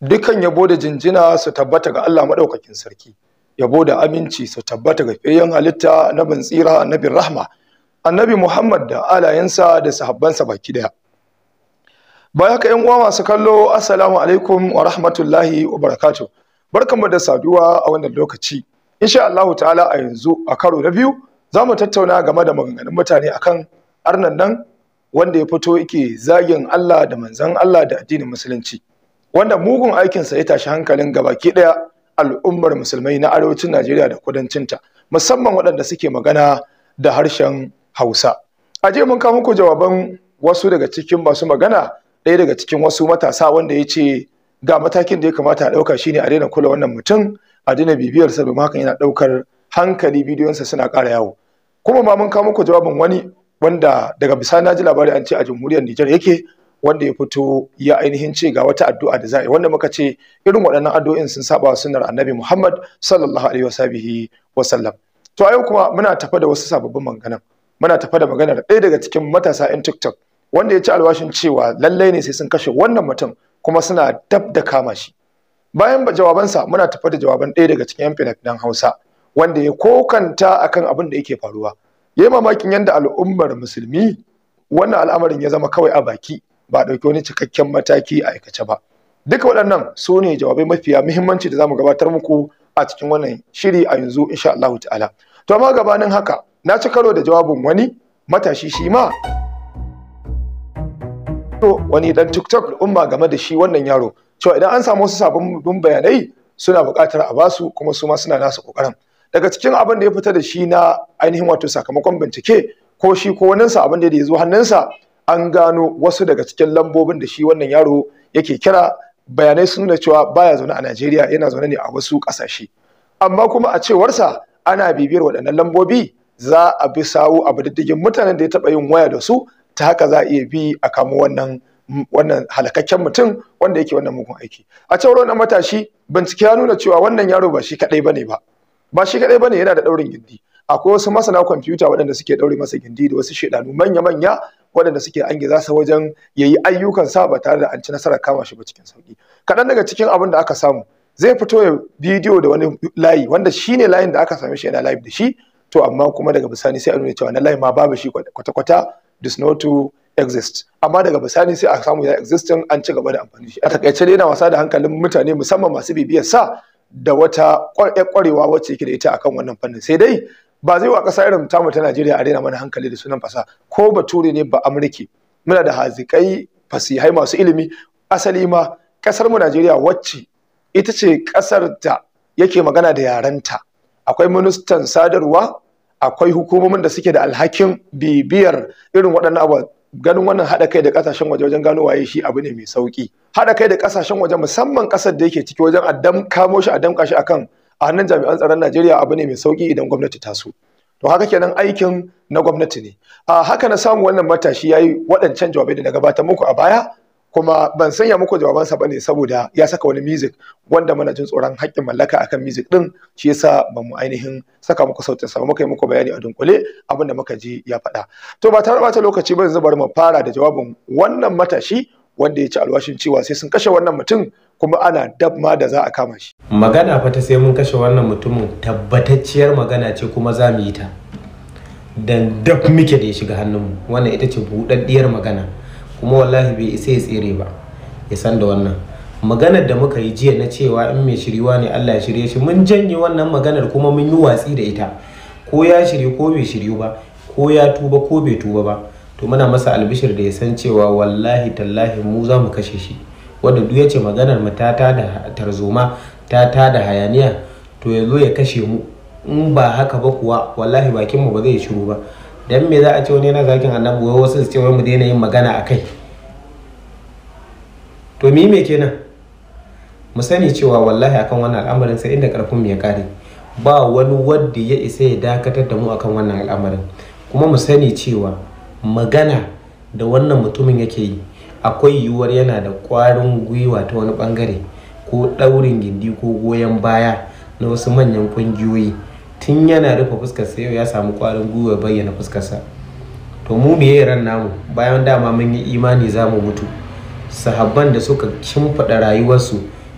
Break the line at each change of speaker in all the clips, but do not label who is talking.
dukan yabo da jinjina su tabbata ga Allah madaukakin sarki yabo da aminci su tabbata ga fayyan halitta annabin tsira annabin rahma annabi Muhammad da alayensa da sahabbansa baki daya baya ka yan uwa masu kallo assalamu alaikum wa rahmatullahi wa barakatuh barkanmu da saduwa a wannan lokaci insha Allah ta'ala a yanzu a karo na biyu zamu tattauna game da maganganun mutane akan arnan nan wanda ya fito yake zagin Allah da manzon Allah da addinin musulunci wanda mugun aikinsa ya tashi hankalin gabaki ɗaya al'ummar musulmai na arewacin Najeriya da kudancinta musamman waɗanda suke magana da harshen Hausa. A je mun kawo muku jawaban wasu daga cikin masu magana ɗaya daga cikin wasu matasa wanda ya ce ga matakin da ya kamata a ɗauka shine a daina kula wannan mutum a daina bibiyar bibiyarsa domin hakan yana ɗaukar hankali bidiyonsa suna ƙara yawo. Kuma ma mun kawo muku jawabin wani wanda daga bisani na ji labari an ce a jamhuriyar Nijar yake wanda ya fito ya ainihin ce ga wata addu'a da za a yi wanda muka ce irin waɗannan addu'o'in sun saba sunnar annabi Muhammad sallallahu alaihi wasabihi wasallam to a yau kuma muna tafa da wasu sababbin maganan muna tafa da maganar ɗaya daga cikin matasa 'yan TikTok wanda ya ci alwashin cewa lallai ne sai sun kashe wannan mutum kuma suna dab da kama shi bayan jawabansa muna tafa da jawaban ɗaya daga cikin 'yan fina-finan Hausa wanda ya kokanta akan abin da yake faruwa Ya yi mamakin yadda al'ummar musulmi wannan al'amarin ya zama kawai a baki ba a ɗauki wani cikakken mataki a aikace ba duka waɗannan su ne jawabai mafiya muhimmanci da za mu gabatar muku a cikin wannan shiri a yanzu insha Allah ta'ala to amma gabanin haka na ci karo da jawabin wani matashi shi ma to wani dan TikTok umma game da shi wannan yaro cewa idan an samu wasu sabbin bayanai suna buƙatar a basu kuma su ma suna nasu ƙoƙarin daga cikin abin da ya fita da shi na ainihin wato sakamakon bincike ko shi ko waninsa abin da ya zo hannunsa an gano wasu daga cikin lambobin da shi wannan yaro yake kira bayanai sun nuna cewa baya zaune a Najeriya yana zaune ne a wasu ƙasashe amma kuma a cewarsa ana bibiyar waɗannan lambobi za a bi sawu a diddigin mutanen da ya taɓa yin waya da su ta haka za a iya bi a kamo wannan wannan halakakken mutum wanda yake wannan mugun aiki a cewar wannan matashi bincike ya nuna cewa wannan yaro ba shi kadai bane ba ba shi kadai ne yana da daurin gindi akwai wasu masana kwamfuta waɗanda suke daure masa gindi da wasu shaidanu manya manya waɗanda suke an za sa wajen ya yi ayyukan sa ba tare da an ci nasarar kama shi ba cikin sauki kaɗan daga cikin abin da aka samu zai fito ya bidiyo da wani layi wanda ne layin da aka same shi yana live da shi to amma kuma daga bisani sai a nuna cewa na layin ma babu shi kwata-kwata does not to exist amma daga bisani sai a samu ya existing an ci gaba da amfani shi a takaice dai yana wasa da hankalin mutane musamman masu bibiyar sa da wata ƙwarewa wacce yake da ita akan wannan fannin sai dai ba zai wa ƙasa irin tamu ta Najeriya a rena mana hankali da sunan Fasa. ko bature ne ba Amurki? muna da hazikai fasihai masu ilimi asali ma ƙasar mu Najeriya wacce ita ce ƙasar ta yake magana da ta. akwai ministan sadarwa akwai hukumomin da suke da alhakin bibiyar irin waɗannan abu ganin wannan haɗa kai da ƙasashen waje wajen gano waye shi abu ne mai sauƙi haɗa kai da ƙasashen waje musamman ƙasar da yake ciki wajen a kamo shi a damƙa shi akan a hannun jami'an tsaron Najeriya abu ne mai sauki idan gwamnati ta so to haka kenan aikin na gwamnati ne a haka na samu wannan matashi yayi waɗancan jawabai da na gabatar muku a baya kuma ban sanya muku jawabansa ba ne saboda ya saka wani music wanda muna jin tsoron haƙƙin mallaka akan music din shi yasa ba mu ainihin saka muku sautin sa muka yi muku bayani a dunkule abinda muka ji ya faɗa to ba tare ɓata lokaci ba yanzu bari mu fara da jawabin wannan matashi wanda ya ci alwashin cewa sai sun kashe wannan mutum kuma ana dab ma da za a kama shi magana
fa ta sai mun kashe wannan mutumin tabbatacciyar magana ce kuma za mu yi ta dan dab muke da ya shiga hannunmu wannan ita ce buɗaɗɗiyar magana kuma wallahi bai isa ya tsere ba ya san da wannan maganar da muka yi jiya na cewa in mai shiriwa ne Allah ya shirye shi mun janye wannan maganar kuma mun yi watsi da ita ko ya shirye ko bai shiryu ba ko ya tuba ko bai tuba ba to muna masa albishir da ya san cewa wallahi tallahi mu za mu kashe shi wanda duk ya ce maganar mu ta tada tarzoma ta tada hayaniya to ya zo ya kashe mu in ba haka ba kuwa wallahi bakin mu ba zai shiru ba dan me za a ce wani yana zakin annabi wai wasu su ce wai mu daina yin magana akai kai to mi me kenan mu sani cewa wallahi akan wannan al'amarin sai inda karfin mu ya kare ba wani wanda ya isa ya dakatar da mu akan wannan al'amarin kuma mu sani cewa magana da wannan mutumin yake yi akwai yiwuwar yana da kwarin gwiwa ta wani bangare ko ɗaurin gindi ko goyon baya na wasu manyan kungiyoyi tun yana rufe fuskar sa yau ya samu kwarin gwiwa bayyana fuskarsa to mu meye ran namu bayan dama mun yi imani za mu mutu sahabban da suka rayuwar rayuwarsu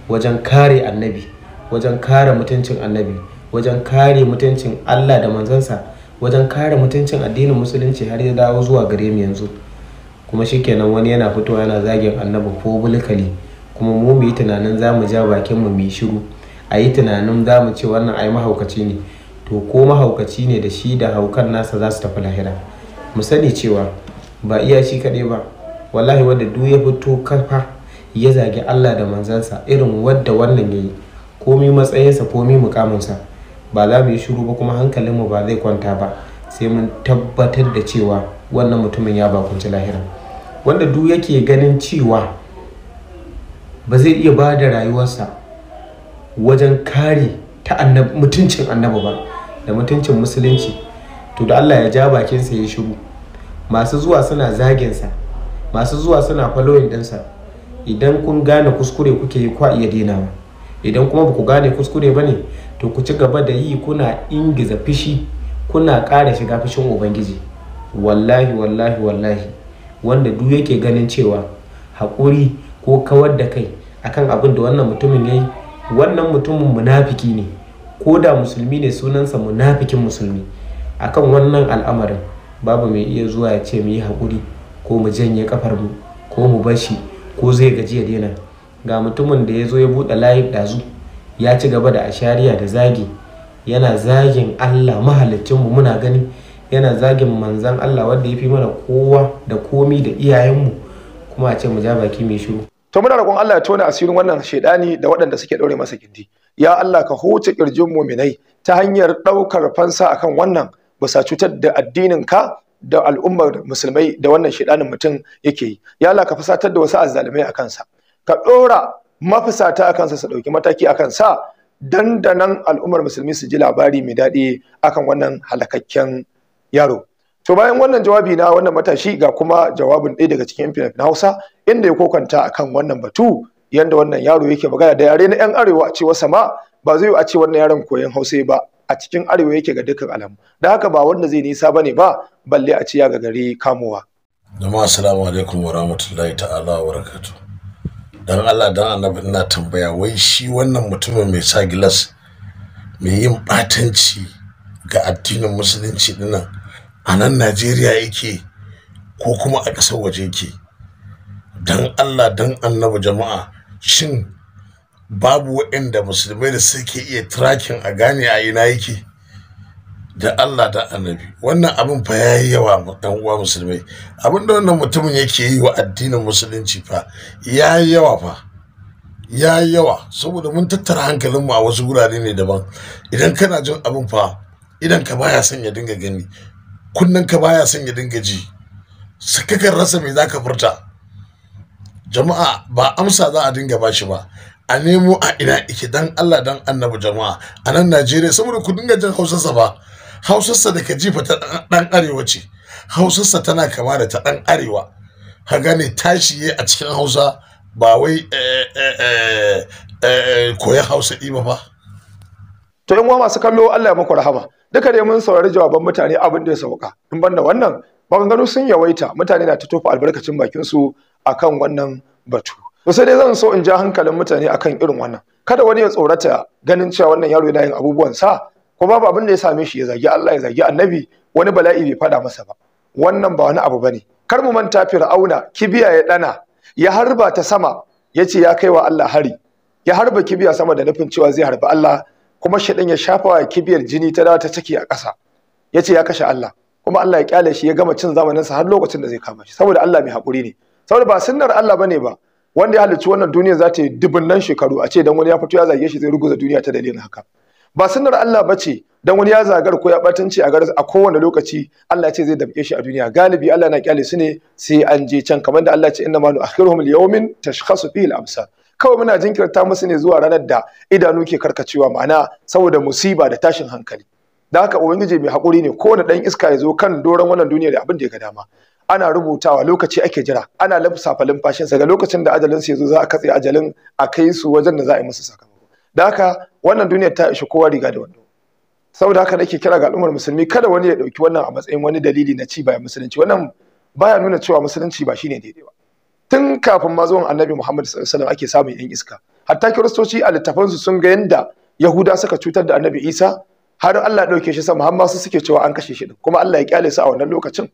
wajen kare annabi wajen kare mutuncin annabi wajen kare mutuncin allah da manzansa wajen kare mutuncin addinin musulunci har ya dawo zuwa gare mu yanzu kuma shikenan wani yana fitowa yana zagin annabi bulkali kuma mu mu yi tunanin za mu ja bakin mu mu yi shiru a yi tunanin za mu ce wannan ai mahaukaci ne to ko mahaukaci ne da shi da haukan nasa za su tafi lahira mu sani cewa ba iya shi kaɗai ba wallahi wanda duk ya fito kafa ya zagi Allah da manzansa irin wadda wannan ya yi komi matsayinsa komi mukaminsa ba za mu yi shiru ba kuma hankalinmu ba zai kwanta ba sai mun tabbatar da cewa wannan mutumin ya bakunci lahira wanda duk yake ganin cewa ba zai iya ba da rayuwarsa wajen kare ta mutuncin annabi ba da mutuncin musulunci to da allah ya ja bakinsa ya shigo masu zuwa suna zaginsa masu zuwa suna falowin ɗinsa idan kun gane kuskure kuke yi kwa iya denawa idan kuma ba ku gane kuskure ba ne to ku ci gaba da yi kuna ingiza fishi kuna ƙara shiga fishin ubangiji wallahi wallahi wallahi wanda duk yake ganin cewa haƙuri ko kawar da kai akan abin da wannan mutumin ya yi wannan mutumin munafiki ne ko da musulmi ne sunansa munafikin musulmi akan wannan al'amarin babu mai iya zuwa ya ce mu yi haƙuri ko mu janye kafar mu ko mu bar shi, ko zai gaji ya daina ga mutumin da ya zo ya buɗe layi ɗazu ya ci gaba da ashariya da zagi yana zagin allah mahalicinmu muna gani yana zagin manzan Allah wanda ya fi mana kowa da komi da iyayenmu kuma a ce mu ja baki mai shiru
to muna roƙon Allah ya tona asirin wannan shaidani da waɗanda suke ɗaure masa gindi ya Allah ka huce ƙirjin muminai ta hanyar ɗaukar fansa akan wannan sa cutar da addinin ka da al'ummar musulmai da wannan shaidanin mutum yake yi ya Allah ka fusatar da wasu azzalumai a kansa ka ɗora mafisata a kansa su ɗauki mataki a kansa dandanan al'ummar musulmi su ji labari mai daɗi akan wannan halakakken yaro to bayan wannan jawabi na wannan matashi ga kuma jawabin ɗaya daga cikin yan na Hausa inda ya kokanta akan wannan batu yanda wannan yaro yake magana da yare na yan arewa a cewa sama ba zai a ce wannan yaron koyon Hausa ba a cikin arewa yake ga dukkan alamu da haka ba wanda zai nisa ba ne ba balle a ce ya ga gari kamowa
jama'a assalamu alaikum wa rahmatullahi ta'ala wa barakatu dan Allah dan annabi ina tambaya wai shi wannan mutumin mai sa gilas mai yin batanci ga addinin musulunci dinnan a nan Najeriya yake ko kuma a kasar waje yake don Allah don annabi jama'a shin babu waɗanda musulmai da suke iya turakin a gane a ina yake da Allah da annabi wannan abin fa ya yi yawa ɗan uwa musulmai abin da wannan mutumin yake yi wa addinin musulunci fa ya yi yawa fa ya yawa saboda mun tattara hankalinmu a wasu wurare ne daban idan kana jin abin fa idan ka baya son ya dinga gani kunnen ka baya son ya dinga ji sakakan rasa me zaka furta jama'a ba amsa za a dinga bashi ba a nemo a ina ike dan Allah dan annabi jama'a a nan Najeriya saboda ku dinga jin hausarsa ba hausarsa da ka jifa ta dan arewa ce hausarsa tana kama da ta dan arewa ka gane tashi a cikin hausa ba wai eh, eh, eh, koyan hausa ɗi ba to yan uwa masu kallo Allah ya muku rahama
duka dai mun saurari jawaban mutane abin da ya sauka in banda wannan maganganu sun yawaita mutane na ta tofa albarkacin bakin su akan wannan batu to sai dai zan so in ja hankalin mutane akan irin wannan kada wani ya tsorata ganin cewa wannan yaro yana yin abubuwan sa ko babu abin da ya same shi ya zagi Allah ya zagi Annabi wani bala'i bai fada masa ba wannan ba wani abu bane kar mu manta Fir'auna kibiya ya dana ya harba ta sama yace ya kaiwa Allah hari ya harba kibiya sama da nufin cewa zai harba Allah kuma ɗin ya shafa wa kibiyar jini ta dawo ta ciki a ƙasa ya ce ya kashe Allah kuma Allah ya kyale shi ya gama cin zamanin sa har lokacin da zai kama shi saboda Allah mai haƙuri ne saboda ba sunnar Allah bane ba wanda ya halicci wannan duniya za ta yi nan shekaru a ce dan wani ya fito ya zage shi zai ruguza duniya ta dalilin haka ba sunnar Allah ba ce, dan wani ya zagar ko ya batanci a garin a kowane lokaci Allah ya ce zai dabke shi a duniya galibi Allah na kyale su ne sai an je can kamar da Allah ce inna ma nu'akhiruhum li yawmin tashkhasu fihi al-absar kawai muna jinkirta musu ne zuwa ranar da idanu ke karkacewa ma'ana saboda musiba da tashin hankali da haka ubangiji mai haƙuri ne kowane ɗan iska ya zo kan doron wannan duniya da abin da ya ga dama ana rubutawa lokaci ake jira ana lafsafa sa ga lokacin da su ya zo za a katse ajalin a kai su wajen da za a yi musu sakamako da haka wannan duniyar ta ishi kowa riga da wando saboda haka nake kira ga al'ummar musulmi kada wani ya ɗauki wannan a matsayin wani dalili na ci bayan musulunci wannan baya nuna cewa musulunci ba shine daidai ba tun kafin ma zuwan annabi Muhammad sallallahu ake samun yan iska hatta kiristoci a littafansu sun ga yanda yahuda suka cutar da annabi Isa har Allah ya dauke shi sama har su suke cewa an kashe shi kuma Allah ya kyale su a wannan lokacin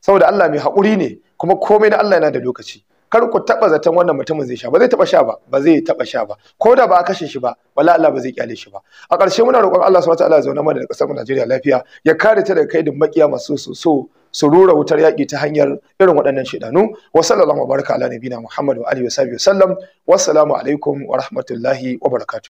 saboda Allah mai haƙuri ne kuma komai na Allah yana da lokaci kar ku taba zaton wannan mutumin zai sha ba zai taba sha ba ba zai taba sha ba ko da ba a kashe shi ba wala Allah ba zai kyale shi ba a ƙarshe muna roƙon Allah subhanahu ta'ala ya zauna mana da ƙasar Najeriya lafiya ya kare ta daga kaidin makiya masu so so su rura wutar yaƙi ta hanyar irin waɗannan shidanu wa sallallahu baraka ala nabina muhammad wa alihi wa sallam wassalamu alaikum wa rahmatullahi wa barakatuh